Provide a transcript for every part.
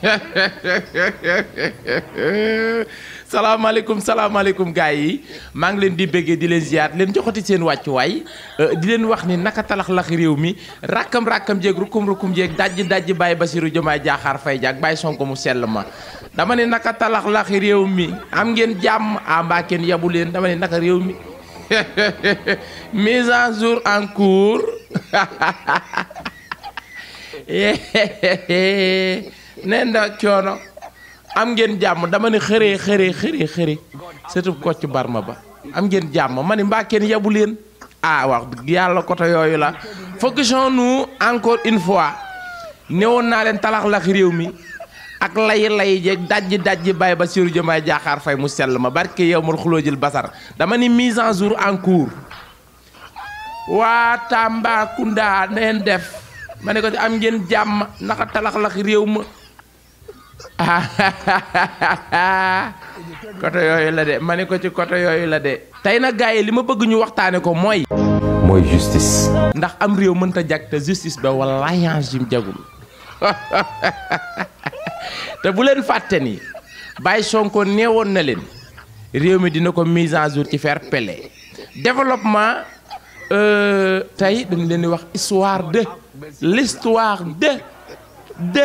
salaamaaleykum salaamaaleykum gars yi maa ngi leen di bëggee di leen ziar leen joxati seen wàccuwaay euh, di leen wax ni naka talax-lax réew mi rakkam rakkam jéeg rukkum rukkum jéeg dajj dajji bàyyi Basiru Jomaay Jaaxaar Fay jaag bàyyi Sonko mu sell ma dama ne naka talax-lax réew mi am ngeen jàmm a ah, mbaa yabu leen dama ne naka réew mi mise en jour en cours nee na coono am ngeen jàmm dama ne xëree xëree xëree xëri surtout Kocc Barma ba am ngeen jàmm ma ne mbaa kenn yabu leen ah wax yàlla côté yooyu la focusons-nous encore une fois newoon naa leen talaxlax réew mi ak lay lay jeeg dajji dajji bay Bassirou Diomaye Diakhar Faye mu sell ma barke yow mal xuloo jël basar dama ni mise en jour en cours waa Tambacounda neen def ma ne ko am ngeen jàmm naka talaxlax réew ma côté yooyu la de ma ne ko ci côté yooyu la de. tey nag gars yi li ma bëgg ñu waxtaane ko mooy. mooy justice. ndax am réew mënta jag te justice ba wala yance jim jagul te bu leen fàtte ni Baye Sonko neewoon na leen réew mi dina ko mise en jour ci faire pele développement euh, tey dañ leen di wax histoire de l'histoire de de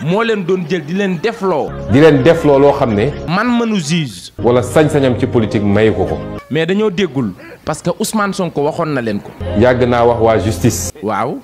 moo leen doon jël di leen defloo. di leen defloo loo xam ne. man mënu juge. wala sañ-sañam ci politique mayu ko ko. mais dañoo déggul parce que Ousmane Sonko waxoon na leen ko. yàgg naa wax waa justice. waaw.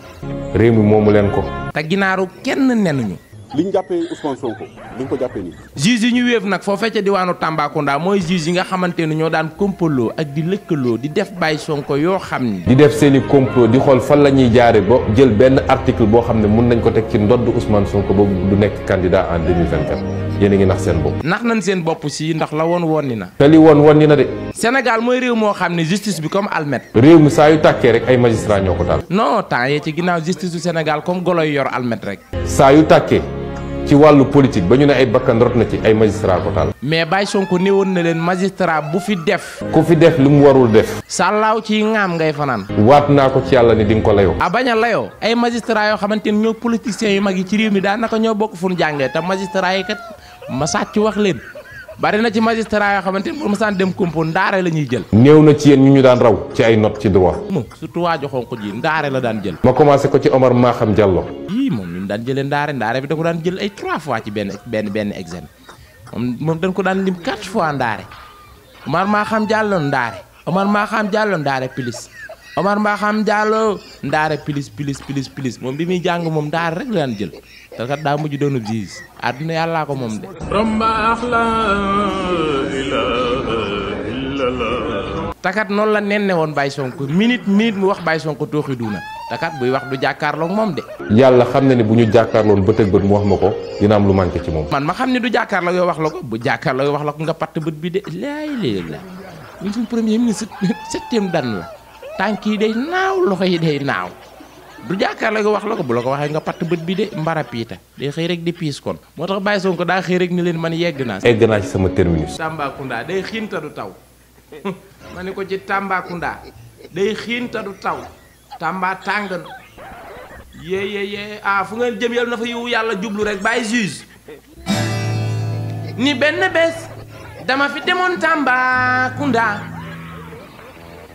réew mi moomu leen ko. te ginaaru kenn nenuñu. li ñu jàppee Ousmane Sonko li ñu ko jàppee nii. juge yi ñu wéef nag foo fecce diwaanu Tambacounda mooy juge yi nga xamante ne ñoo daan kompaloo ak di lëkkaloo di def bàyyi Sonko yoo xam ni. di def seen i complot di xool fa la ñuy jaare ba jël benn article boo xam ne mun nañ ko teg ci ndodd Ousmane Sonko ba du nekk candidat en 2024. yéen a ngi nax seen bopp. nax nañ seen bopp sii ndax la woon woon ni na. te li woon woon ni na de. Sénégal mooy r moo xam ne justice bi comme almet. réew mi saa yu tàkkee rek ay magistrat ñoo ko taal. non temps yee ci ginnaaw Sénégal comme golo yu yor almet rek. saa yu tàkkee ci walu politique bañu ñu ne ay bakkan rot na ci ay magistrat ko tal mais bay Sonko néewoon na len magistrat bu fi def ku fi def lu mu warul def salaw ci ngam ngay fanan wat na ko ci yalla ni di ko layo a baña layo ay magistrat yo xamanteni ni ñoo politiciens yu magi ci réew mi daanaka ñoo bokk fu ñu jàngee magistrat yi kat ma ci wax len bari na ci magistrat yo xamanteni bu ma saan dem kumpo ndaare lañuy jël néew na ci yeen ñu ñu daan raw ci ay note ci droit surtout wa joxon ko ji ndaare la daan jël ma commencé ko ci Omar Maham Diallo moom daan jëlee ndaare ndaare bi da ko daan jël ay trois fois ci benn benn benn examen moom moom dañ ko daan lim quatre fois ndaare Omar maa xam jàlloon ndaare Omar maa xam jàlloon ndaare pilis Omar maa xam jàlloo ndaare pilis pilis pilis moom bi muy jàng moom ndaare rek la daan jël te kat daa mujj doonub gis àdduna yàllaa ko moom de romba ax la takat noonu la nenne woon Baye Sonko minute minute mu wax Baye Sonko tooxi duuna te kat buy wax du jàkkaarloog mom de. yalla xam ni buñu bu ñu jàkkaarloon ak beut mu wax mako dina am lu manke ci mom man ma xam ne du jàkkaarloog yo wax lako ko bu jàkkaarloog yo wax lako nga patt beut bi de laay léegi la ñun premier ministre septième dan la tànk yi day naaw de naw du naaw du jàkkaarloog wax lako bu lako waxe nga patt beut bi de mbara piita day rek di piis kon motax tax son ko da xey rek ni len man yegg na egg na ci sama terminus. kunda day xinta du taw maniko ci tamba kunda day xinta du taw tamba tangan ye ye ye a ah, fu ngeen jëm yalla na fa yiwu yalla jublu rek bay juge ni ben bes dama fi demon tamba kunda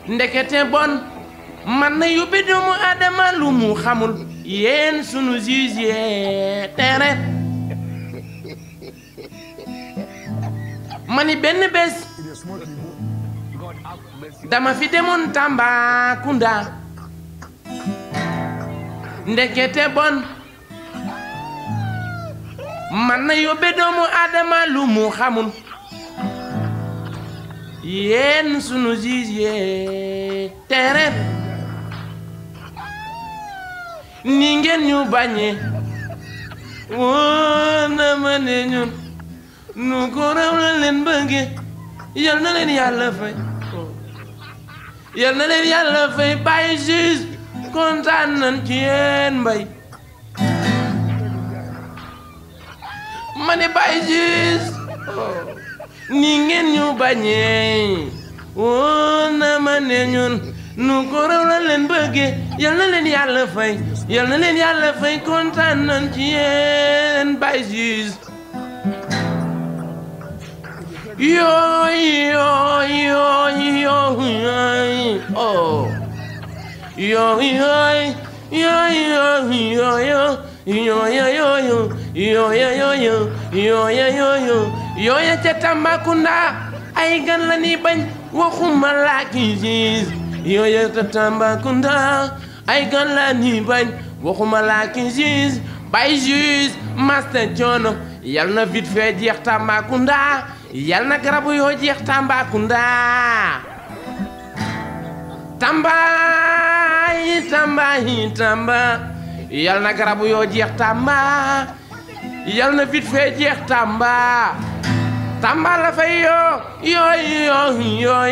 ndekete bon man na do mu adama lu mu xamul yeen sunu juge ye tere mani ben bes dama fi tamba kunda ndekete bon man na yóbbe doomu aadama lu mu xamul yéen sunu juge yee tere ni ngeen ñu bañee woon na ma ne ñun nu ko raw la leen bëggee na leen yàlla fay yal na leen yàlla fay bàyyi juge kontaan ci yéen mbay ma ne Baye Ciss ni ngeen ñu bañee woon na ma ne ñun nu ko raw la leen bëggee yal na leen yàlla fay yal na leen yàlla fay kontaan nañ ci yéen Baye Ciss yoo yoo yoo yoo yoo oh. yo yo yo yo yo yo yo yo yo yo yo yo yo yo yo yooya ca Tambacounda ay gan la ni bañ waxuma laa ki gis yooya ca Tambacounda ay gan la ni bañ waxuma laa ki gis bay gis master John yal na vite fait jeex Tambacounda yal na garabu yoo jeex Tambacounda tamba yi tamba yi tamba yal na garabu yoo jeex tamba yal na fit fee jeex tamba tamba la fay yoo yoo yoo yoo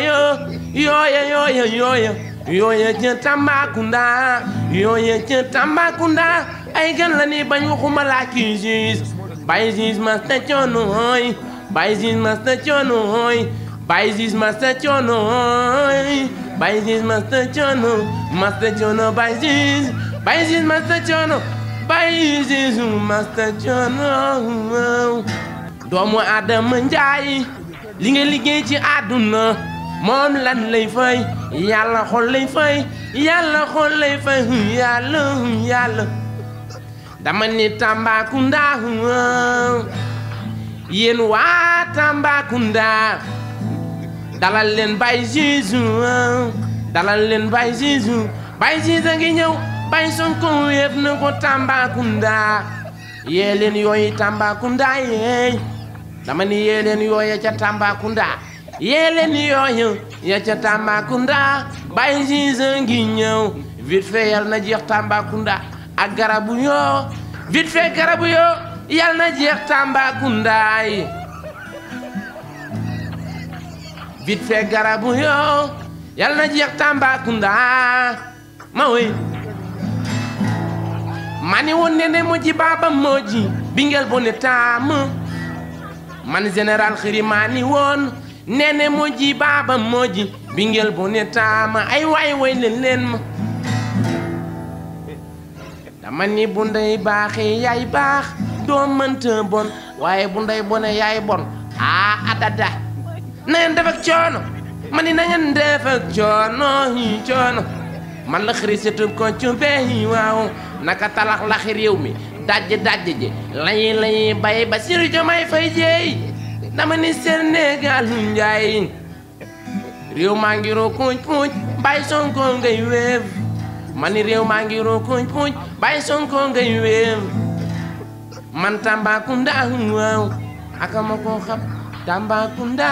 yoo yoo yoo yooye ca Tambacounda yooye ca Tambacounda ay gan la ni bañ waxuma laa kii siis bay siis mas ta coono hooy bay siis mas ta coono hooy bay siis mas ta coono hooy Baye Ciss Master Thiono Master Thiono Baye Ciss Baye Ciss Master Thiono Baye Ciss Master Thiono doomu Adama Njaay li nga liggéey ci àdduna moom lan lay fay yàlla xol lay fay yàlla xol lay fay yàlla yàlla dama ni Tambacounda yéen waa Tambacounda dalal leen Baye Jésus ah. dalal leen Baye Jésus Baye Jésus a ngi ñëw Baye Sonko wéef na ko Tambacounda yee leen yooyu Tambacounda yeey dama ni yee leen yooyu ca Tambacounda yee leen yooyu ya ca Tambacounda Baye Jésus a ngi ñëw vite fait yal na jeex Tambacounda ak garabu yoo vite fait garabu yoo yal na jeex Tambacounda bit fee garabu yoo yal na jeex Tambacounda ma woy mani wo nene moji baba moji bingel bone taam man général xiri mani woon nene moji baba moji bingel bone taam ay waay way leen ma dama ni bu ndey baaxee yaay baax doo bon waaye bu ndey bone yaay bon a ah, adada na ngeen def ak coono ma ni na ngeen coono yi man la xëri setum ko cumbe yi naka talax laxi réew mi dajj dajj ji lañuy lañuy bay ba siru jomay fay jeey dama ni Sénégal njaay réew maa ngi roo kuuñ puuñ bàyyi Sonko ngay wéef ma ni réew maa ngi roo kuuñ puuñ bàyyi Sonko ngay wéef man Tambacounda waaw aka ma koo xam Tambacounda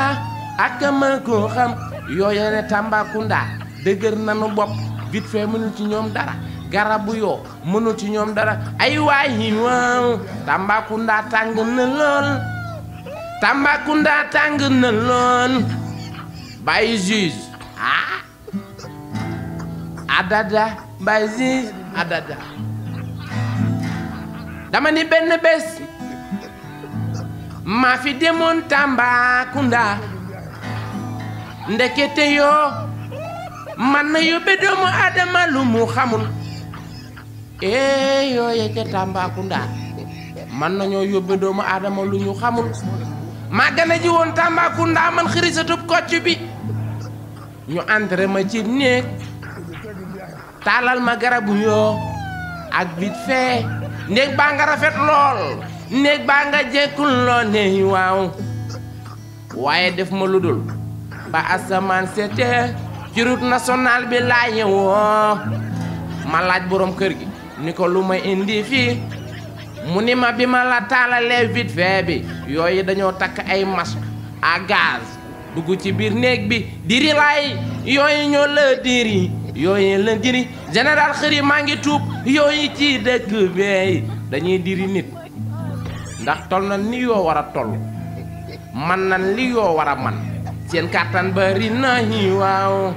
ak man koo xam yooya ne Tambacounda dëgër nanu bopp vite fait mënul ci ñoom dara garabu yoo mënul ci ñoom dara ay waay waaw Tambacounda tàng na lool Tambacounda tàng na lool bàyyi juge ah, adada bàyyi juge adada dama ni benn bés maa fi demoon Tambacounda ndekete yoo man na yóbbe doomu aadama lu mu xamul ee yooye ca Tambacounda man nañoo yóbbe doomu aadama lu ñu xamul maa gane ji woon Tambacounda man xirisatub kocc bi ñu entré ma ci néeg taalal ma garabu yoo ak bit fee néeg baa nga rafet lool néeg baa nga jekkul loo ne waaw waaye def ma lu dul ba asaman sété ci route nationale bi laa kergi oh. ma laaj borom kër gi ni ko lu indi fi muni ma bi ma la talalé vite fait bi yoy dañu tak ay masque à gaz ci bir bi diri laay yoy ñu le diri yoy le diri général xëri ma ngi tup yoy ci dekk beey dañuy diri nit ndax tol na ni yo wara tol man nan li yo wara man seen kàttan bari na hi waaw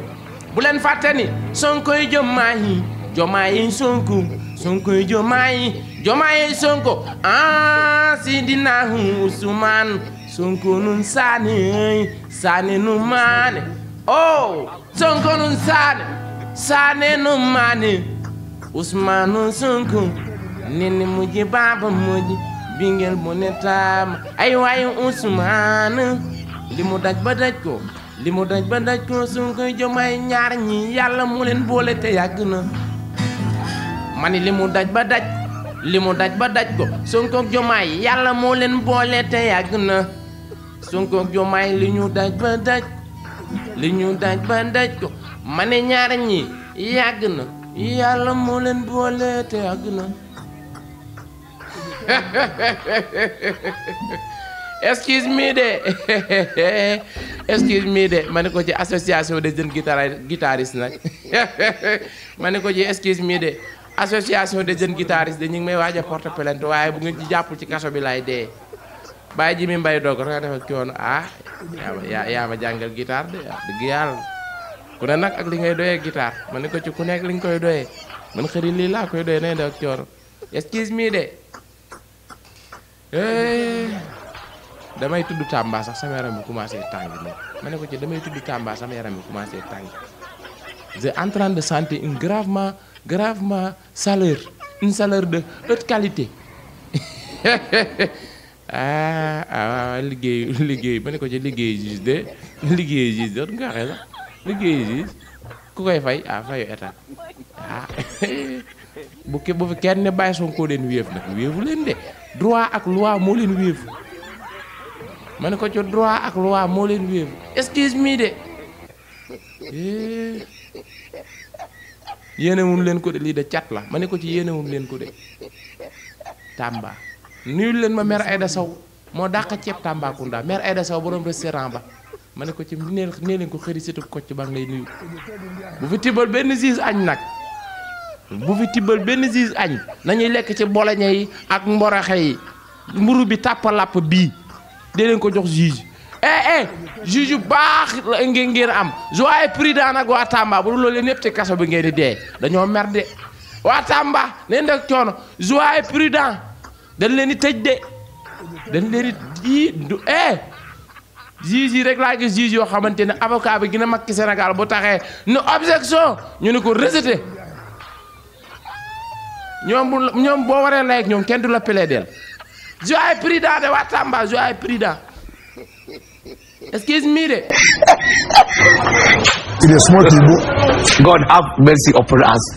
bulen leen fàtte ni sonkoy jomaa yi jomaa yi sonko sonkoy jomaa yi jomaa yi sonko ah si dinaahu Usmaan sonko nun saane saane nu maane oh sonko nun saane saane nu maane Usmaan nun sonko nene mujj baaba mujj bingel bonetaama ay waayu Usmaan li mu daj ba daj ko li mu daj ba daj ko Sonko Diomaye ñaar ñi yàlla moo leen boole te yàgg na mani ni li mu daj ba daj li mu daj ba daj ko Sonko Diomaye yàlla moo leen boole te yàgg na Sonko Diomaye li ñu daj ba daj li ñu daj ba daj ko ma ne ñaar ñi yàgg na yàlla moo leen boole te yàgg na excuse me de excuse me de ma ne ko ci association de jeunes guitaristes guitaristes nag ma ne ko ci excuse mii de association de jeunes guitaristes de ñu ngi may waaj a porte plainte waaye bu ngeen ci jàppul ci kaso bi laay dee bàyyi ji mi mbay doog nga def ak coono ah yaa yaa ma jàngal de wax dëgg yàlla ku ne nag ak li ngay doyee guitare ma ne ko ci ku nekk li nga koy doyee man xëri lii laa koy doyee nañ def ak coono excuse me de. Eh. damay tudd Tamba sax sama yaram bi commencé tàng moom ma ne ko ci damay tudd Tamba sama yaram bi commencé tàng en train de sentir une gravement gravement chaleur une de haute qualité ah, ah ah liggéeyu liggéeyu ma ne ko ci liggéeyu juge de liggéeyu juge de nga waxee sax liggéeyu juge ah, ah, ne bàyyi Sonko leen wéef wéefu leen de droit ak loi moo leen wéefu mané ko ci droit ak loi mo len excuse me de yéenewun len ko dé li dé chat la mané ko ci yéenewun len ko de tamba nuyul len ma mère Aïda Sow moo dàq ceeb Tambacounda mère Aïda saw borom restaurant ba ma ko ci nee nee leen ko xëri ko ci bang lay nuyu bu fi tibal ben gis agn nak bu fi tibal ben gis agn nañuy lek ci bolagne yi ak mboroxe yi mburu bi tapalap bi dee leen ko jox juge eh eh juge baax la ngeen ngeen am joie prudent nag waa Tamba bu dul loolu yéen ñëpp kaso bi ngeen di dee dañoo mer de waa Tamba leen nag coono joie prudent dañ leen di tëj de dañ leen di du eh juge yi rek laa yoo xamante ne avocat bi gën a mag ci Sénégal bu taxee nu objection ñu ne ko rejeté ñoom bu ñoom boo waree layeg ñoom kenn du la plaider Joy Prida de Watamba, Joy Prida. Excuse me. De. In a small table. God have mercy upon us.